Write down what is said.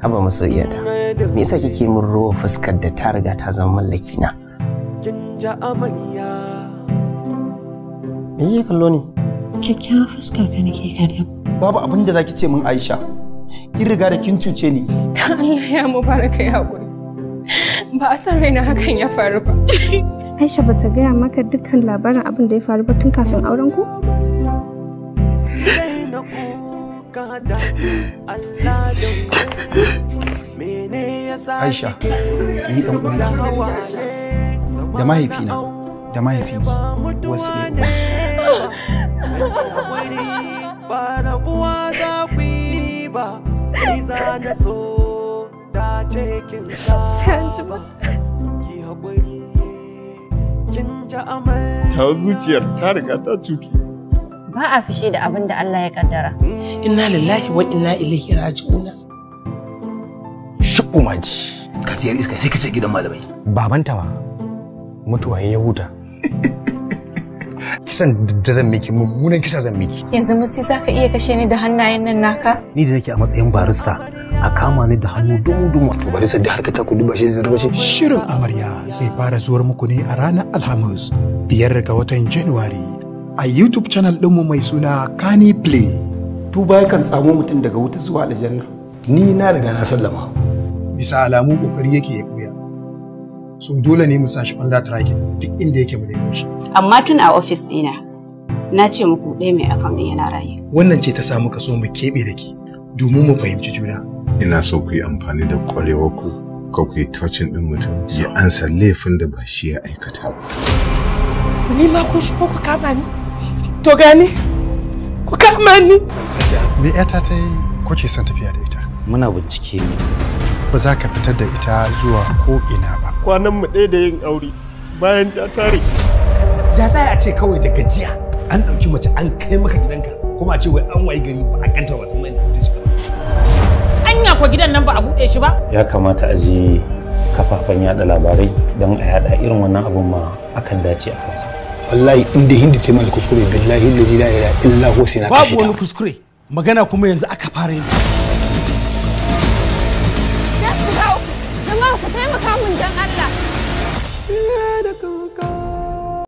haba masoyiyata me yasa kike min ruwa fuskar da ta riga ta zama mallaki na kin ja me yake kallo ne kyakkyawa fuskar ka nake kallo babu abin da zaki ce min Aisha kin riga da kin cuce ni Allah ya mubaraka ya hakuri ba a san raina hakan ya faru ba Aisha bata gaya maka dukkan labarin abin da ya faru ba tun kafin auren ku da Allah da mene yasa Aisha ni dan uwan da mahaifina da mahaifinki wasu ne ba rabuwa za ku yi ba ni za na so da cikin sa ki haƙuri kin ji amai ta zuciyar ta riga ta cutu ba a fushi da abin da Allah ya kaddara. Inna lillahi wa inna ilaihi raji'un. Shukku maji. tiyar iska sai ce gidan malamai. Baban Mutuwa ya huta. Kisan da zan miki mummunan kisa zan miki. Yanzu musi zaka iya kashe ni da hannayen nan naka? Ni da nake a matsayin barista a kama ni da hannu dumu-dumu. To bari sai da harka ta kudu bashi da shi. Shirin amarya zai fara zuwar muku ne a ranar Alhamis biyar ga watan Januwari a YouTube channel ɗinmu mai suna Kani Play. Tuba kan samu mutum daga wuta zuwa aljanna. Ni na riga na sallama. Bisa alamu kokari yake ya koya. So dole ne mu shi under tracking duk inda yake mu nemo shi. Amma tun a office ɗina na ce muku ɗaya mai akan ɗin yana raye. Wannan ce ta samu kaso mu keɓe da ke domin mu fahimci juna. Ina so ku yi amfani da ku ka ku yi tocin ɗin mutum ya ansa laifin da ba shi ya aikata ba. Ni ma kun shi ko ku kama ni? to gani ku kama ni me yata ta yi kuke son tafiya da ita muna bincike ne ba za ka fitar da ita zuwa ko ina ba kwanan mu ɗaya da yin aure bayan ta tare ya za a ce kawai da gajiya an ɗauki mace an kai maka gidanka kuma a ce wai an wayi gari ba a ganta ba sun mai ta shiga anya ko gidan nan ba a buɗe shi ba ya kamata a je kafafen yaɗa labarai don a yada irin wannan abun ma akan dace a kansa wallahi in hindi ta mana kuskure billahi la ilaha illa huwa sai na babu wani kuskure magana kuma yanzu aka fara yi ya shiga dan Allah